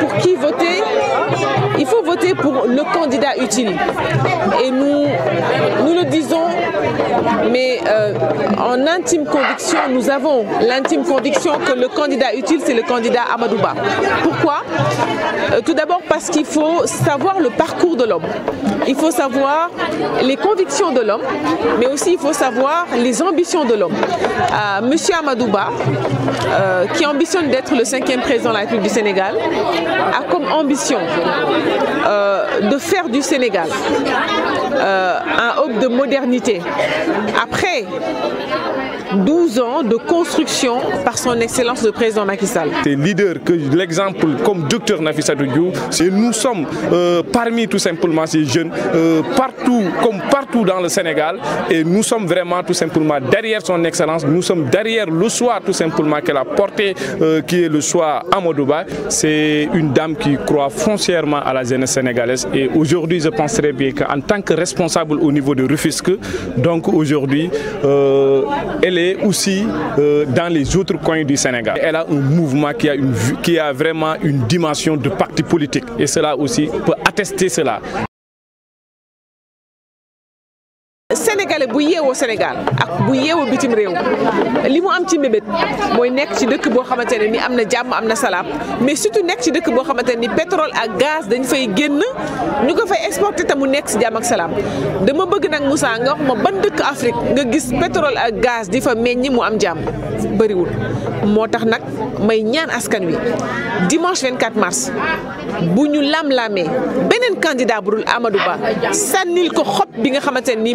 Pour qui voter Il faut voter pour le candidat utile. Et nous, mais euh, en intime conviction, nous avons l'intime conviction que le candidat utile, c'est le candidat Amadouba. Pourquoi euh, Tout d'abord parce qu'il faut savoir le parcours de l'homme. Il faut savoir les convictions de l'homme, mais aussi il faut savoir les ambitions de l'homme. Euh, Monsieur Amadouba, qui ambitionne d'être le cinquième président de la République du Sénégal, a comme ambition de faire du Sénégal un hub de modernité, après 12 ans de construction par son excellence le président Macky Sall. C'est leader l'exemple comme docteur Nafissa Doudiou, c'est nous sommes euh, parmi tout simplement ces jeunes euh, partout comme partout dans le Sénégal et nous sommes vraiment tout simplement derrière son excellence, nous sommes derrière le choix tout simplement qu'elle a porté euh, qui est le choix Modoba. C'est une dame qui croit foncièrement à la jeunesse sénégalaise et aujourd'hui je pense très bien qu'en tant que responsable au niveau de Rufisque, donc aujourd'hui aujourd'hui, euh, elle est aussi euh, dans les autres coins du Sénégal. Elle a un mouvement qui a, une, qui a vraiment une dimension de parti politique. Et cela aussi peut attester cela. sénégalais bu yéwo Sénégal ak bu yéwo bitim réew li mu am ci mbébét moy nek ci dëkk bo xamanténi ni amna jamm amna am mais surtout nek ci dëkk bo xamanténi ni pétrole ak gaz dañ fay génn ñu ko fay exporté te mu nekk si jàmm ak salam dama bëgg nak Moussa nga wax ma ban dëkk Afrique nga gis pétrole ak gaz di fa meññi mu am jamm bari wul motax nak may ñaan askan wi dimanche 24 mars bu ñu lam lamé benen candidat bu dul Amadou Ba sanil ko xop bi nga xamante ni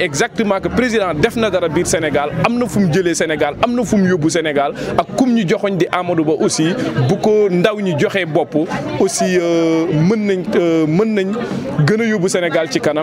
exactement que président defna na dara biir Sénégal amna na jëlé Sénégal amna na yobbu Sénégal ak kum ñu joxoñ di Amadou Ba aussi bu ko ndaw ñu joxé bop aussi euh, mën nañ euh, mën nañ Sénégal ci kanam.